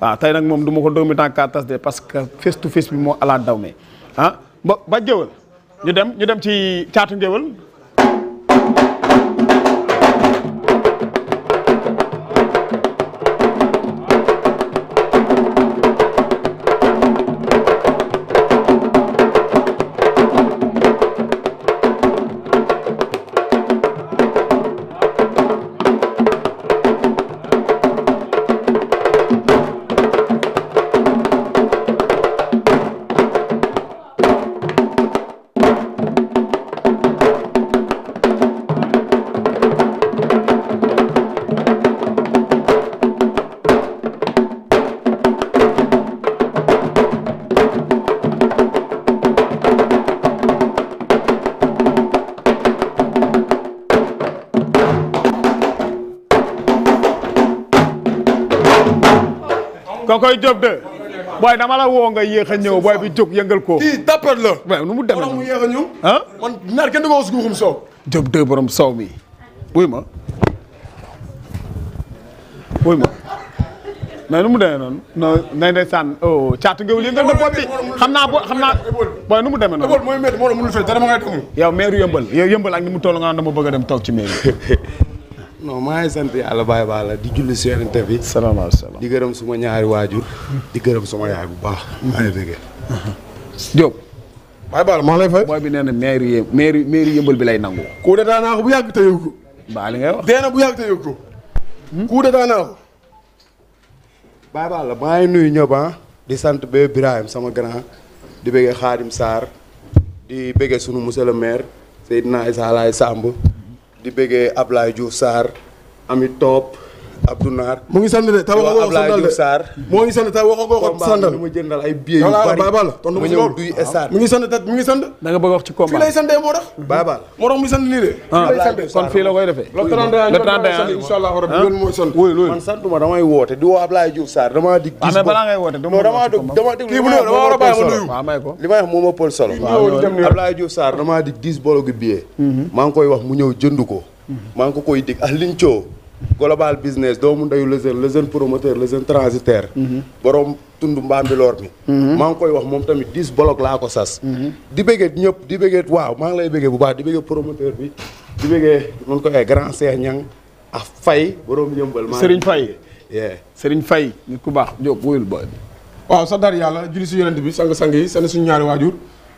waaw ah, tey nag moom du ma ko doomi temps tas de parce que face to face bi moo alaat daw me ah ba ba géwal ñu dem ñu dem ci caatu géwal koy Diop de. booy dama la woo nga yéex a ñëw booy bi jog yëngal ko. kii nu mu demee noonu mu yéex a ñëw. ah man nar kenn woo si guuxum soow. Diop de borom soow mi. wuy ma wuy ma. mais nu mu demee noonu. non nañ de sànn oh caatu ngéw li nga ne bopp bi xam naa boo xam naa. booy nu mu demee noonu. mooy métti moo doon mënul fay ni mu toll nga naan dama bëgg dem toog ci maire non maa ngi sant yàlla bàyyi baa la di julli si yonent bi. salaamaaleykum di gërëm suma ñaari waajur. di gërëm suma yaay bu baax. maa ngi dégg. Diop. la maa lay fay. na maire yë maire maire yëmbal bi lay nangu. coup bu yàgg te yëg bu yàgg te yëg hmm? baa ngi nuyu ñëpp ah. di sant bee Birahim sama grand di bëggee Khadim Sarr di bëggee sunu monsieur le maire Seydina Issa Laye sàmb di bëggee Ablaye Diouf Sarr Ami Top Abdou Naar mu ngi sant de taw waxoo ko sandal de Sarr moo ngi sant taw waxoo ko sandal mu jëndal ay billets yu bari baabal tontu mu ñëw duy Sarr mu mu ngi sant da nga bëgg wax ci combat woo Ablaye Diouf Sarr dama ah, a ma may ko li may wax moo ma pël solo Ablaye Diouf Sarr dama dig 10 bolo gi billet mhm. maa ngi koy wax mu ñëw jënd ko mhm. maa ngi ko koy dig ah liñ coow global business doomu ndeyu le jeune promoteur le jeune transitaire. Mhm. borom tund mbaambiloor mi. Mhm. maa ngi koy wax moom tamit 10 bloc laa ko sas. Mhm. di bëggee ñëpp di bëggee waaw maa ngi lay bëggee bu baax di bëggee promoteur bi di bëggee nu ko koy grand Cheikh Niang ak Faye borom yëmbal. maa ngi Serigne Faye. Serigne Faye nit ku baax Diop wóyul ba. waaw sax daal yàlla julli si yonent bi sang-sang yi seen suñu ñaari waajur.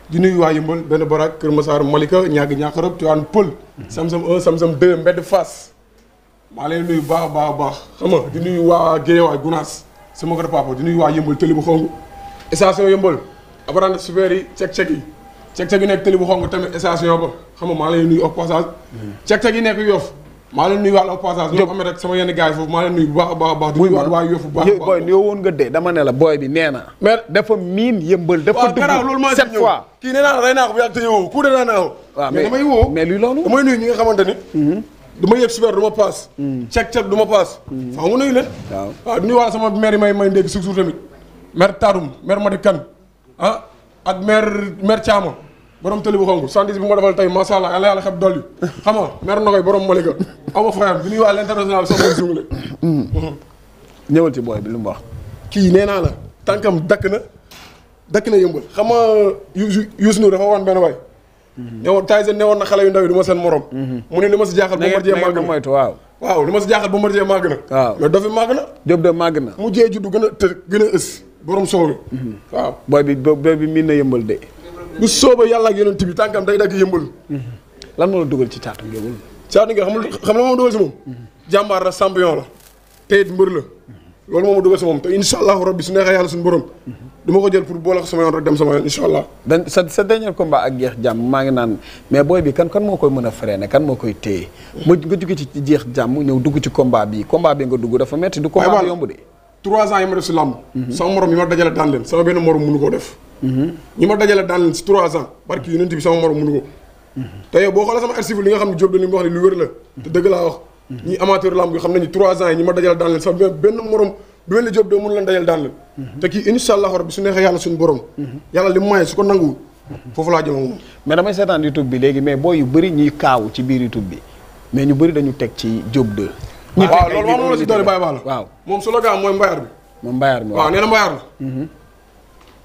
di nuyu waa Yëmbal benn Borak Kër Massar maa lay nuyu baax baax baax xam nga di waa Guédiawaye Gunaas sama kër papa di nuyu waa yëmbal tëli bu xong station yëmbal abarante super yi cek-cek yi nekk tëli bu xong tamit station ba xam nga maa lay nuyu au passage hmm. cek-cek yi nekk Yoff maa leen yenn gars yi foofu maa baax a baax a baax di nuyu waat waa Yoff bu baax booy nga dee dama ne bi nee dafa miin yëmbal dafa dugg loolu maa kii nee naa la bu yàgg te yowoo ku de naa naa ko waaw luy loolu damay nuyu ñi nga xamante du ma yëg super du ma paas. Hmm. cek cek du ma paas. Hmm. faaw mu nuyu leen. waaw waaw ah, nuyu waa sama maire yi may may ndégg suuf suuf tamit maire Tarum maire Madikan ah ak maire maire Thiama borom tëli bu xonk sandis bi ma defal tey macha allah yàlla yàlla dolli xam nga maire Nogoy borom Malika aw ma fayam du nuyu waa l'international sax mooy zungale. ñëwal ci booy bi lu mu wax. kii nee naa la tànkam dakk na dakk na yëmbal xam nga Youssou Ndour dafa wan benn waay. newoon Tyson newoon na xale yu ndaw yi du seen morom mhm. mu ne li ma si jaaxal Bombardier màgg na moytu waaw waaw li ma si jaaxal Bombardier màgg na màgg na Diop màgg na mu jee juddu gën a të gën a ës borom soobe mhm. waaw booy bi booy bi miin na yëmbal de bu sooba yàlla ak yonent bi tànkam day dagg yëmbal mhm. lan moo dugal ci caatu ngéwël caatu ngéwël xam xam la moom dugal si moom jàmbaar la champion la teyit mbër la loolu moom ma dugal si moom te incha allahu rabbi su neexee yàlla suñu borom du ma ko jël pour boole ko sama yoon rek dem sama yoon incha sa sa combat ak jeex jàmm a freiné kan moo koy jàmm ñëw dugg ci combat bi combat bi nga dugg dafa metti du combat bi yomb de trois ans yi ma def si làmb mhm. sama morom yi ma dajale daan leen sama benn morom mënu koo def mhm. ñi ma dajale daan leen si trois ans barki yonent bi sama morom mënu ko mhm. te yow boo xoolee sama archive li nga xam ne Diop li mu wax ne lu laa wax ñi amateur lamb bi xam nañu trois ans yi ñi ma dajal daan leen sax benn morom bu mel ni Diop de mënu leen dajal daan leen mhm. te kii insha allahu rabbi su neexee yàlla suñu borom mhm. yàlla li maye su ko nanguwul foofu laa jëm moom mais bi léegi mais boo yu bëri ñuy kaaw ci biir YouTube bi mais ñu bëri dañu teg ci Diop de waaw loolu moom la si doole bàyyi baax la waaw moom su la gaa mooy mbayaar bi moom mhm.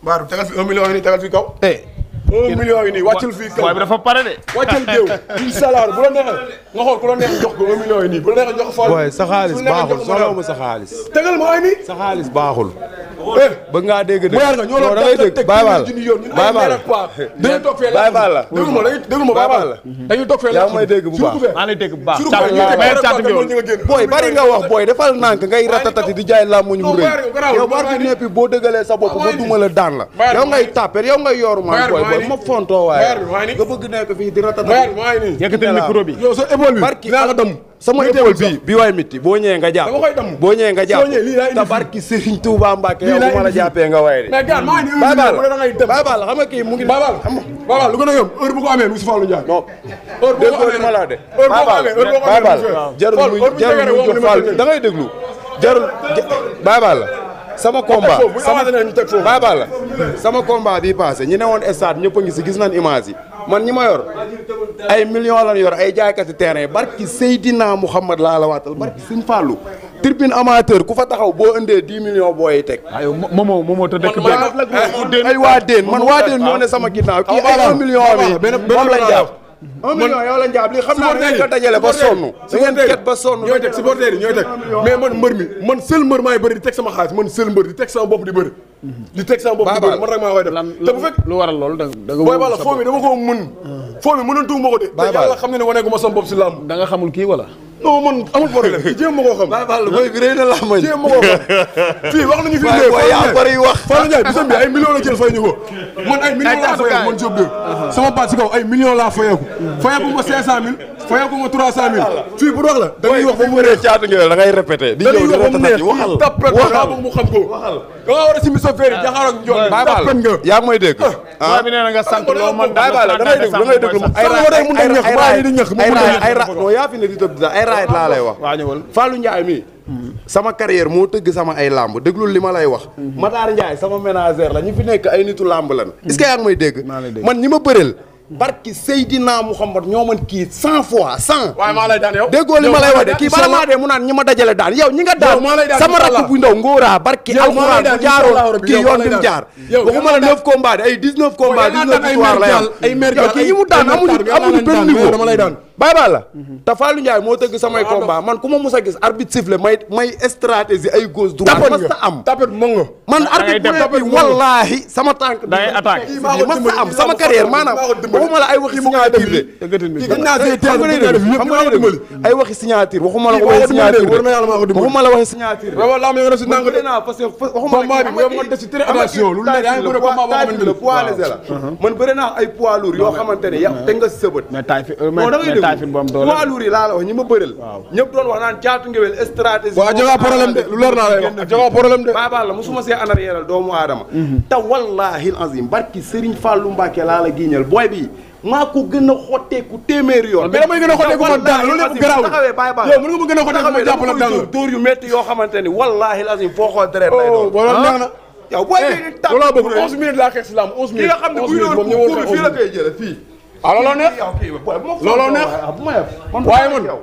mbayaar bi tegal fi un million yi nii tegal fi kaw eh, un million yi nii wàccal fii kaw waaye dafa pare de wàccal géew fii salaar bu la neexee nga xool ku la neex jox ko un million yi nii bu la neexee jox faal waaye sa xaalis baaxul soxlawuma sa xaalis tegal ma ay nii sa xaalis baaxul Eh, bëgg ngaa la déglu ma déglu ma baay baal la dañuy booy bari nga wax booy defal nànk ngay ratatati di jaay làmmuñ bu rëy yow bu arbitre néppi boo dëgalee sa bopp ba duma la daan la yow ngay tàpper yow ngay yor man booy booy ma fontoo waaye nga bëgg nekk fii di ratatati yëkkatil micro bi sama épaule bi bi waay mitti boo ñëwee nga jàpp boo ñëwee nga jàpp tabarki Serigne Touba Mbacke yow bu ma la jàppee nga waay de babal xam nga kii mu ngi a yomb heure bu ko amee mu ngi si Fallou Ndiaye non heure boo ko amee ma la de babal jarul muy jarul muy sama combat sama babal sama combat bi passé ñi newoon stade ñëpp a ngi si gis nañ image yi man ñi ma yor ay millions lan yor ay jaaykati terrain barki Seydina Mouhamad laa la waatal barki Sëñ Fallou tirbine amateur ku fa taxaw boo indee dix million booy teg. aywa momo momo te dëkk benn ay waa déen man waa déen moo ne sama ginnaaw kii ay un million am yi moom lañ jàpp un million yow la njaab li xam naa da ngeen ko dajale ba sonn da ngeen man mbër mi man seul mbër maay bëri di teg sama xaalis man seul mbër di teg sama bopp di bëri di teg sama bopp di bëri man rek maa koy def te bu lu waral loolu da nga booy bala foo mi dama ko mën ah. foo mi ma ko de te yàlla xam ne ne waneegu ma sama bopp si làmb da nga xamul kii wala non man amul problème jéem ma koo xam. waaw waaw booy bi rëy na laa mañ. jéem ma koo xam fii wax nañu fi. ay millions la jël fay ñu ko. man ay millions laa fayeeku man Diop de. sama baat si fayagu ma 300000. fii bu dox la da wax ba mu neex caatu ngeen da ngay répété. di ñëw di ko. waxal da nga war a simi sa féeri ah, jaxaar ak njool. baay ah. ah. baal yaa loo mën da ngay dégg da ngay dégg ay raay ay raay non yaa fi ne di tëb ay raay laa lay wax. waa ñëwal Fallou Ndiaye mi hmm. sama moo tëgg sama ay làmb déglul li ma lay wax. Hmm. Matar Ndiaye sama ménagère la ñu fi nekk ay nitu làmb lan. Hmm. est-ce que yaa ngi dégg man ñi ma bëreel barki Seydina Mouhamad ñoo mën kii cent fois cent. waaye maa lay daan ma lay wax de kii bala maa dee mu naan ñi ma dajale daan yow ñi nga daan sama rakk bu ndaw ngóoraa barki alxuraan bu jaaroon kii yoon bi mu jaar waxuma la neuf combat de ay dix neuf combat dix neuf la yow kii ñi mu daan amuñu amuñu benn niveau dama lay daan bàyyi baa la te Fallou Ndiaye moo tëgg samay combat man ku ma mus a gis arbitre sifflé may may stratégie ay gauche droite mas ta am tapet mo nga man arbitre bu ne bi wallaahi sama tànk day attaque mas ta am sama carrière maanaam waxuma la ay waxi signature xam nga dimbali ay waxi signature waxuma la waxi signature waxuma la waxi signature wala ma nga ci nangu de na parce que waxuma la bi mo def ci très attention lu la yaangi bëre combat boo xamante ne poids léger la man bëre naa ay poids lourd yoo xamante ne ya te nga sëbët Typhine bu am doole poids lourd yi laa la wax ñi ma bëreel. waaw ñëpp doon wax naan caatu ngewel stratégie. waaw jëga problème de lu leer naa lay wax jëga problème de. Baba la musuma see anar yeeral doomu aadama. Mhm. te wallaahi azim barki Serigne Fallou Mbacke laa la giiñal booy bi maa ko gën a xotteeku téeméeri yoon. mais damay gën a xotteeku ma daan a jàpp la daan la yu métti yoo xamante wallaahi azim foo xool deret lay oh, ah? neex na yow booy bi eh, tàmm looloo bëgg 11 laa xeex si lamb 11 minutes ah looloo neex ah, looloo neex waaye ah,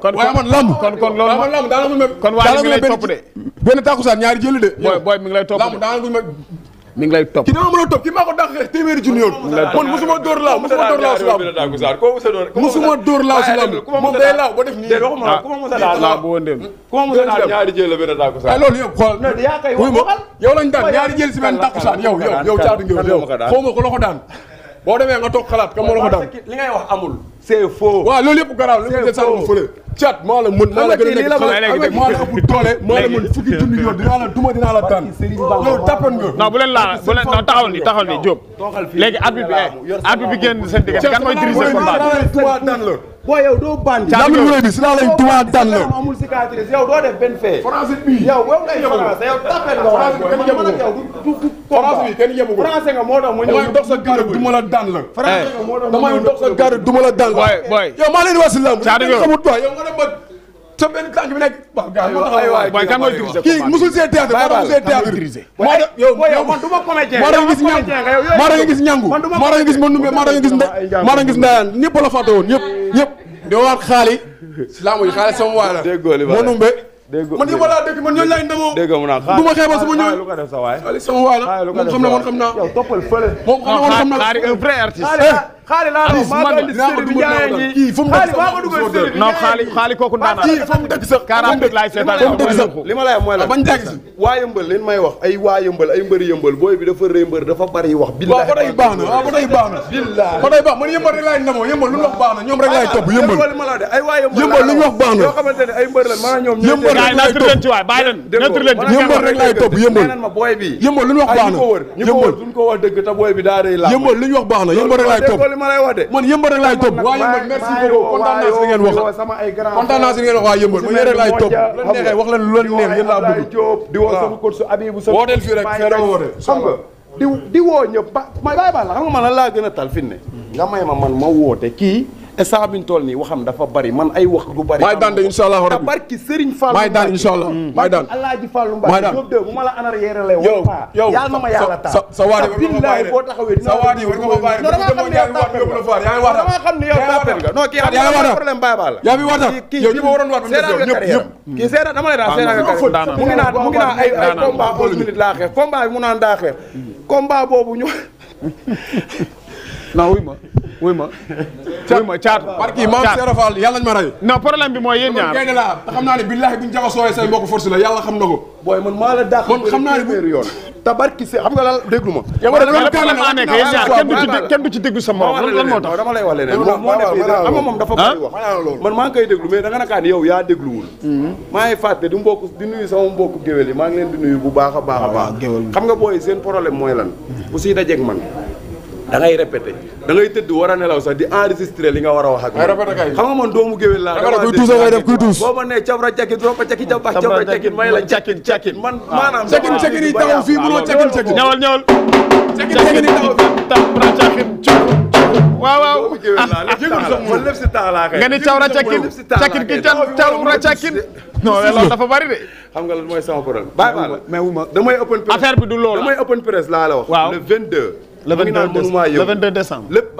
man waaye man lamb kon kon loolu man lamb daanaka ma kon waaye mi ngi lay topp de benn tàkkusaan ñaari jëli de booy booy mi ngi lay topp lamb daanaka ma mi ngi lay topp ki dama mën a topp ki maa ko dàqee téeméeri junni yoon man musuma dóor laaw musuma dóor laaw si lamb musuma dóor laaw si lamb moom day laaw ba def nii waxuma ku ma mos a daan laaw bu wëndeel ku ma mos a daan ñaari jël la benn tàkkusaan loolu yow xool yow lañ daan ñaari jël si benn tàkkusaan yow yow yow caatu ngew yow xawma ko la ko daan boo demee nga toog xalaat kan moo la ko daan li ngay wax amul. c'est faux waaw loolu yëpp garaaw li nga sànni fële cat maa la mën maa a nekk xale maa la ëpp doole maa la mën fukki junni yoon dinaa la la daan loolu tappan nga non bu laa bu leen non ni taxawal ni Diop léegi arbitre bi arbitre eh, bi génn seen diggante kan mooy diriger combat bi boo yow doo bandi. caabi yooyu bi si laa lay tuwaat daan la amul cicatrice yow doo def benn fee. français bi yow wow ngay français bi kenn yemagul français nga moo tax ma ñëw damay dox sa gàddu la daan la. français nga moo tax damay dox sa gàddu du ma la daan la. waay waay yow maa leen di wax si lamb. caabi yooyu yow sa benn tànk bi nekk. waaw gars yi waaw aywaay waaw kan mooy diriger. kii musul see théâtre moo tax musul see théâtre. moo tax yow man du ma comédien. moo tax nga gis ñàngu moo tax nga gis ñàngu moo tax nga gis Mandoumbe moo tax nga gis Ndeye moo tax nga gis Ndayane ñëpp la fàtte woon ñëpp ñëpp. di waat xaali. silaamu yi xaali sama waay la. déggoo li Mandoumbe man yi ma laa dëkk man ñooñu laay ndamoo. déggoo mu naan xaar du ma xeebal sama ñooñu. lu ko def sa waay xaali sama waay la moom xam na man xam naa. yow toppal fële. moom xam na man xam naa xaari un vrai artiste. Eh, xaali laa doon maa ngi indi séeréer bi ñaareel ñi kii fu mu dëgg sa maa dugal séeréer bi ñaareel ñi non xaali xaali kooku ndaanaan kii fu mu dëgg sa quarante minutes laay seetaan fu mu dëgg sa li ma lay wax mooy la ah, bañ dëgg sa waa yëmbal leen may wax ay waa yëmbal ay mbëri yëmbal booy bi dafa rëy mbër dafa bari wax billahi waaw ba day baax na waaw ba day baax na billahi ba day baax man yëmbal rek laay ndamoo yëmbal lu ñu wax baax na ñoom rek laay topp yëmbal ay waa yëmbal yëmbal lu ñu wax baax na yoo xamante ne ay mbër la maanaam ñoom yëmbal rek laay topp ci waay bàyyi leen natur leen ci yëmbal rek laay topp yëmbal ma booy bi yëmbal lu ñu wax baax na ñu ko wër duñ ko wax dëgg te booy bi daa rëy laa yëmbal lu ñu wax baax na yëmbal rek laay topp ma lay wax de. man yëmbal rek laay topp waa yëmbal merci beaucoup kontaan si ngeen wax waa yëmbal man yéen rek laay topp lu leen wax leen neex yéen laa bëgg. di woo sama ah. coach Abibou sa wooteel fii rek fee dama woote xam di woo ñëpp ba may bàyyi xam nga man lan laa gën a tal fi ne nga may ma man ma woote kii instant bi ñu toll nii waxam dafa bari man ay wax gu bari. maay daan de incha allah rabi barki Serigne Fallou. maay daan incha allah mm. maay daan Alaaji Fallou Mbacke. maay daan Diop de bu ma la anar yeerale. yow yow yàlla na ma yàlla taal. sa sa sa waadi war nga ko boo taxawee. sa waadi war nga ko bàyyi rek bu demoon yaa ngi waat yóbbu la faar yaa ngi waat. dama xam ne yow tàppale nga non kii xam nga problème baay baal la. yaa ngi waat yow ñi ma waroon waat ba mu def yow ñëpp mm. kii seera dama lay daan ah, seera nga kare mu ngi naan mu ngi naan ay ay combat 11 minutes laa xeex combat bi mu naan daa xeex combat boobu ñu mm. non wuy ma wuy ma. wuy ma caatu barki maam Serafal ma bi mooy yéen ñaar man naa ne billahi bu ñu jaxasoo say mbokk force la yàlla na ko. booy man maa la dàq. man xam naa ne bu yoon. tabarki se xam nga lan déglu ma. yow maa koy déglu mais da nakaan yow yaa dégluwul. Mm-hmm. maa ngi fàtte di mbokk di nuyu sama mbokk géwél yi maa ngi leen di nuyu bu baax a baax a baax. Ah, xam nga booy seen problème mooy lan. bu mm-hmm. siy dajeeg man da ngay répété da ngay tëdd war a nelaw sax di enregistré li nga war a wax ak xam nga man doomu géwél laa kuy tuus ngay def kuy tuus boo ma nee cabra cakit ropa cakit jaba cabra cakit may la cakit cakit man maanaam cakit cakit yi taxaw fii mënoo cakit cakit ñawal ñawal cakit cakit yi taxaw cabra cakit waaw waaw man lépp si taa laa kay nga ni cabra cakit cakit ki cabra cakit non loolu dafa bari de xam nga lan mooy sama problème bàyyi mais wu ma damay open press affaire bi du loolu damay open press laa la wax le 22 le 22 naan mënumaa yow le 22 décembre. lépp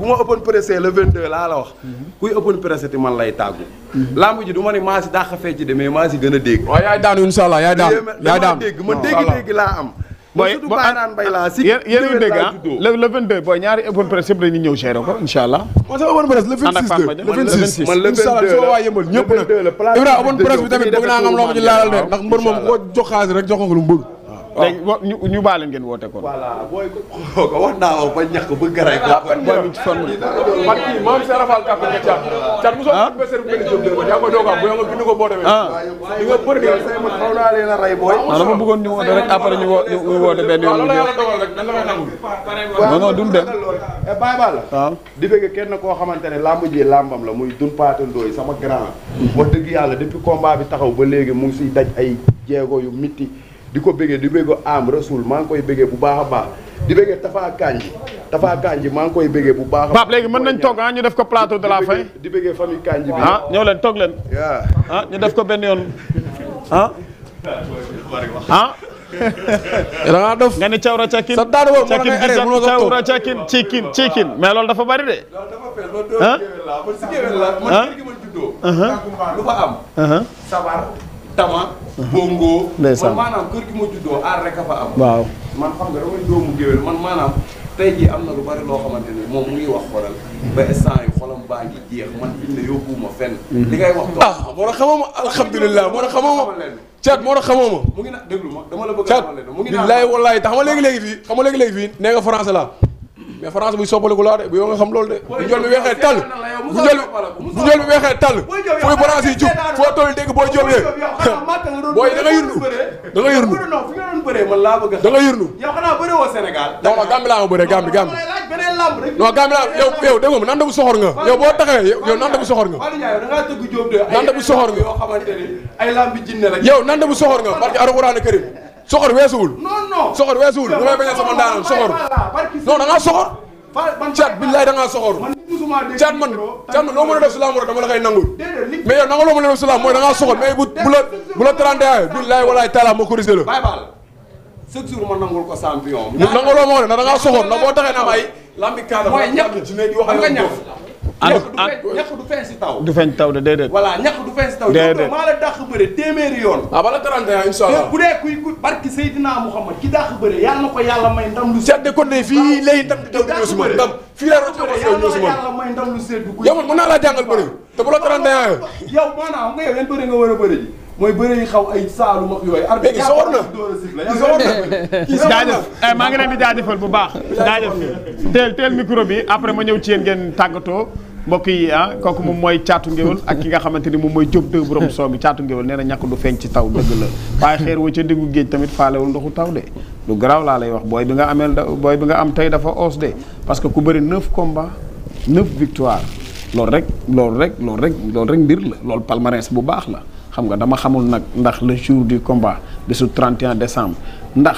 bu ma open pressé le 22 laa la wax. Mhm. kuy open pressé ti man lay tàggu. Mhm. lamb ji du ma ne maa si dàq fee ci demee gën a dégg. waaw yaay daanu incha allah yaay daanu yaay daanu dégg ma dégg-dégg laa am. mooy ba an yéen yéen a ngi dégg ah le ñëw gérer ko incha man sama open press le 26 de le 26 man le 22 waa yëmbal ñëpp nag. Ibrahima open press bi tamit bëgg naa nga loo ma ci laalal bëgg Oh. léegi ñu ñu baale ngeen woote kon. voilà booy ko wax naa ko ba ñàkk ba garay ko. waaw ah, la. man kii moom sa rafal kàpp nga caat. caat ko ah? yaa ko doog a bu nga bind ko boo ah. a bëggoon ñu woote rek après ñu wo ñu woote benn yoon. waaw loolu yàlla dogal rek nan la eh, di bëgg kenn koo xamante ne làmb ji làmbam la muy dun paatandooy sama grand. wax dëgg yàlla depuis combat bi taxaw ba léegi mu ngi siy daj ay jéego yu mitti di ko bëggee di bëggee am rasul maa ngi koy bëggee bu baax a baax di bëggee Tafa Kanji Tafa Kanji maa ngi koy bëggee bu baax a baax. léegi mën nañ toog ah ñu def ko plateau de la fin. di bëggee famille Kanji bi. ah ñëw leen toog leen. Ah, ñu def ko benn yoon ah. ah. da ngaa dof nga ni cawra cakin sa daanu woon mën na ngay cawra cakin cikin cikin mais loolu dafa bari de. ah ah. tama bongo ndeysaan man maanaam kër gi ma juddoo aar rek a fa am waaw man xam nga damay doomu géwél man maanaam tey jii am na lu bari loo xamante ni moom mu ngi wax xoolal ba instant yi xolam baa ngi jeex man fi ne yóbbuwuma fenn li ngay wax ah moo tax xamoo ma alhamdulilah moo tax xamoo ma moo tax xamoo ma mu ngi na déglu dama la a xamal leen tax xam nga léegi-léegi fii xam nga léegi-léegi fii nee la mais France buy soppaliku laa de bu yow nga xam loolu de. bu njool bi weexee tàll bu njool bi weexee tàll fooy France yi jub foo toll dégg booy joob de booy da nga yurnu da nga yurnu da nga yurnu. yow xanaa bëree woo Sénégal. non non Gambie yow yow dégg nanda bu soxor nga yow boo taxee yow nanda bu soxor nga. nanda bu soxor nga. yow nanda bu soxor nga barke Alxuraan Karim soxor weesuwul. non non soxor weesuwul damay bañ a sama ndaanal soxor. non da ngaa soxor. caat billaay da ngaa soxor. caat man caat man loo mën a def silaam rek dama la koy nangul. mais yow nanga loo mën a def silaam mooy da ngaa soxor mais bu bu la bu la 31 billaay walaay taala ma corrigé la. chaque jour ma nangul ko champion. mu nangaloo ma ne da ngaa soxor na boo taxee na am ay. lambi kaadama mooy ñëpp di wax ak ñax ah. du feeñ si taw. du feeñ taw de déedéet. voilà ñax du feeñ si taw. déedéet maa la dàq bëre téeméeri yoon. ah bala 31 incha allah bu dee kuy ku barki Seydina Mouhamad ki dàq bëre yàlla na ko yàlla may ndam lu. sedd kon de fii lay ndam di taw di ñëw si man ndam fii laa rëcc ko ñëw si man yàlla may ndam lu sedd yow man mën naa laa jàngal bëre te bu la 31 yow maanaam nga yow yan bëre nga war a bëre ji mooy bëre yi xaw ay saalum ak yooyu. mais ki soxor na ki soxor na jaajëf eh, maa ngi leen di jaajëfal bu baax jaajëf teel teel micro bi après ma ñëw ci yéen ngeen tàggatoo mbokk yi ah kooku moom mooy caatu ngéwél ak ki nga xamante ni moom mooy jóob dëgg borom soo bi caatu ngéwél nee na ñàkk du feeñ ci taw dëgg la waaye xeer wa ca diggu géej tamit faalewul ndoxu taw de lu garaaw laa lay wax booy bi nga ameel booy bi nga am tey dafa os de parce que ku bëri neuf combats neuf victoire loolu rek loolu rek loolu rek loolu rek mbir la loolu palmarès bu baax la xam nga dama xamul nag ndax le jour du combat bisu 31 décembre ndax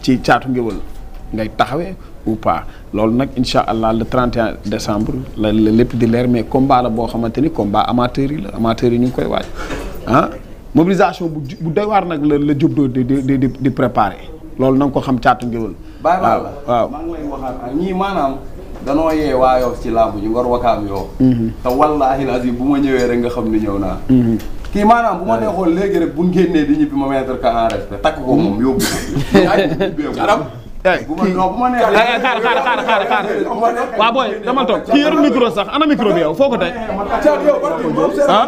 ci caatu ngéwél ngay taxawee ou pas loolu nag incha allah le 31 décembre la lépp di leer mais combat la boo xamante ni combat amateur yi la amateur ñu ngi koy waaj ah mobilisation bu bu doy nag la la jubdoo di di di di loolu na nga ko xam caatu ngéwël. waaw waaw waaw maa ngi lay waxaat ñii maanaam. danoo yee waayoo ci làmb ji ngor wakaam yoo mhm. bu ma ñëwee rek nga xam ni ñëw naa mhm. kii maanaam bu ma neexoon léegi rek buñ génnee di ñibbi ma mettre ka respect takk ko moom yóbbu ko eh kii xaaral xaaral xaaral xaaral waaw booy dama toog kii yor micro sax ana micro bi yow foo ko tey. ah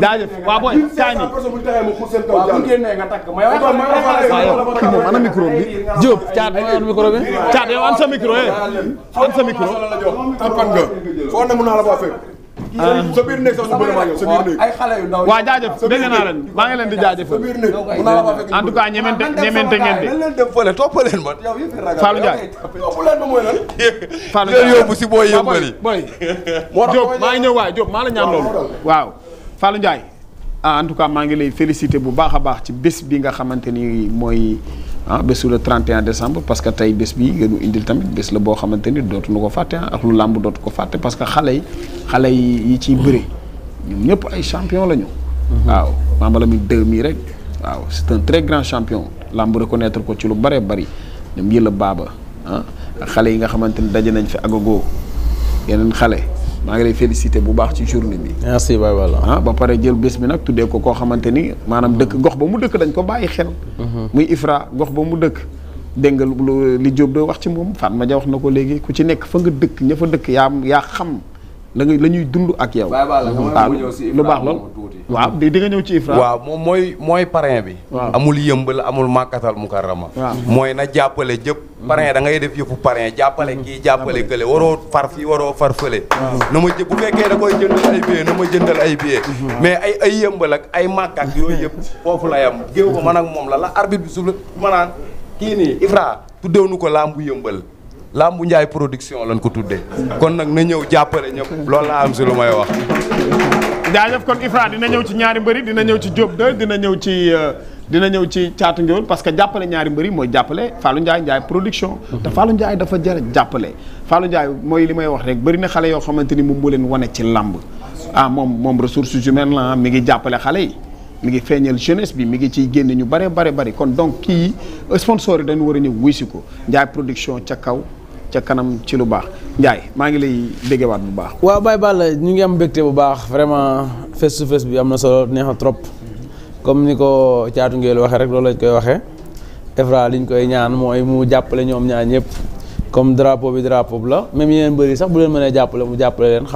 jaajëf waaw booy kaay nii. waaw yow kii moom ana micro bi. Diop caat moo yor micro bi. caat yow an sa micro eh an sa micro. sa biir nekk sax ay xale yu ndaw waaw jaajëf dégg naa leen maa ngi leen di jaajëfal. en tout cas ñemente ñemente ngeen de. leen dem fële topp leen man. Fallou Ndiaye. topp mooy lan. Fallou maa ngi ñëw waay Diop maa la ñaan loolu. waaw Fallou jaay ah, en tout cas maa ngi lay félicité bu baax a baax ci bés bi nga xamante ni mooy. ah bésu le 31 décembre parce que tey bés bi ngeen indil tamit bés la boo xamante ni dootuñu ko fàtte ah ak lu làmb dootu ko fàtte parce que xale yi xale yi ciy bëre ñoom ñëpp ay champion la mhm. waaw waaw Mama Lamine 2000 rek waaw c'est un très grand champion làmb reconnaître ko ci lu bëree bëri ñoom yëla baaba ah xale yi nga xamante ni daje nañ fi agogo yeneen xale. maa ngi lay félicité bu baax ci journée bi. merci Baye ah, ba pare jël bés bi nag tuddee ko koo xamante ni maanaam dëkk gox ba mu dëkk dañ ko bàyyi xel. Mhm. muy Ifra gox ba mu dëkk. dégg nga lu li Diop doo wax ci moom ma Dia wax na ko léegi ku ci nekk fa nga dëkk ña fa dëkk yaa yaa xam la ngay la ñuy dund ak yow. waaw ah, lu baax lool. waaw di nga waaw moom mooy mooy parrain bi. amul yëmbal amul màkkatal mukarrama mm-hmm. mooy na jàppale jëpp. Mm-hmm. parrain dangay def yëpp parrain jàppale kii jàppale kële waroo far fii waroo far fële. na ma jë bu fekkee da koy jëndal ay na ma jëndal ay billets. Mm-hmm. mais ay ay yëmbal ak ay màkk ak yooyu yëpp foofu la yam géew ko man ak moom la la arbitre bi suuf la ma naan kii nii Ifra tuddeewuñu ko laam bu yëmbal. Lambu Ndiaye production lañ ko tuddee kon nag na ñëw jàppale ñëpp loolu laa am si may wax. jaajëf kon Ifra dina ñëw ci ñaari mbëri dina ñëw ci Diop 2 dina ñëw ci euh, dina ñëw ci caatu ngéwél parce que jàppale ñaari mbëri mooy jàppale Fallou Ndiaye Ndiaye production te Fallou Ndiaye dafa jar jàppale Fallou Ndiaye mooy li may wax rek bëri na xale yoo xamante ni moom moo leen wane ci làmb ah moom moom ressources humaines la mi ngi jàppale xale yi mi ngi feeñal jeunesse bi mi ngi ciy génne ñu bare bare bari kon donc kii sponsor yi dañu war a ñëw wuy si ko Ndiaye production ca kaw ca kanam ci lu baax Ndiaye maa ngi lay déggewaat bu baax. waaw Baye Balla ñu ngi am mbégte bu baax vraiment face to face bi am na solo neex trop comme ni ko caatu ngeel waxee rek loolu lañ koy waxee Evra liñ koy ñaan mooy mu jàppale ñoom ñaar ñëpp comme drapeau bi drapeau bi la même yeneen bëri sax bu leen mënee jàppale mu jàppale leen.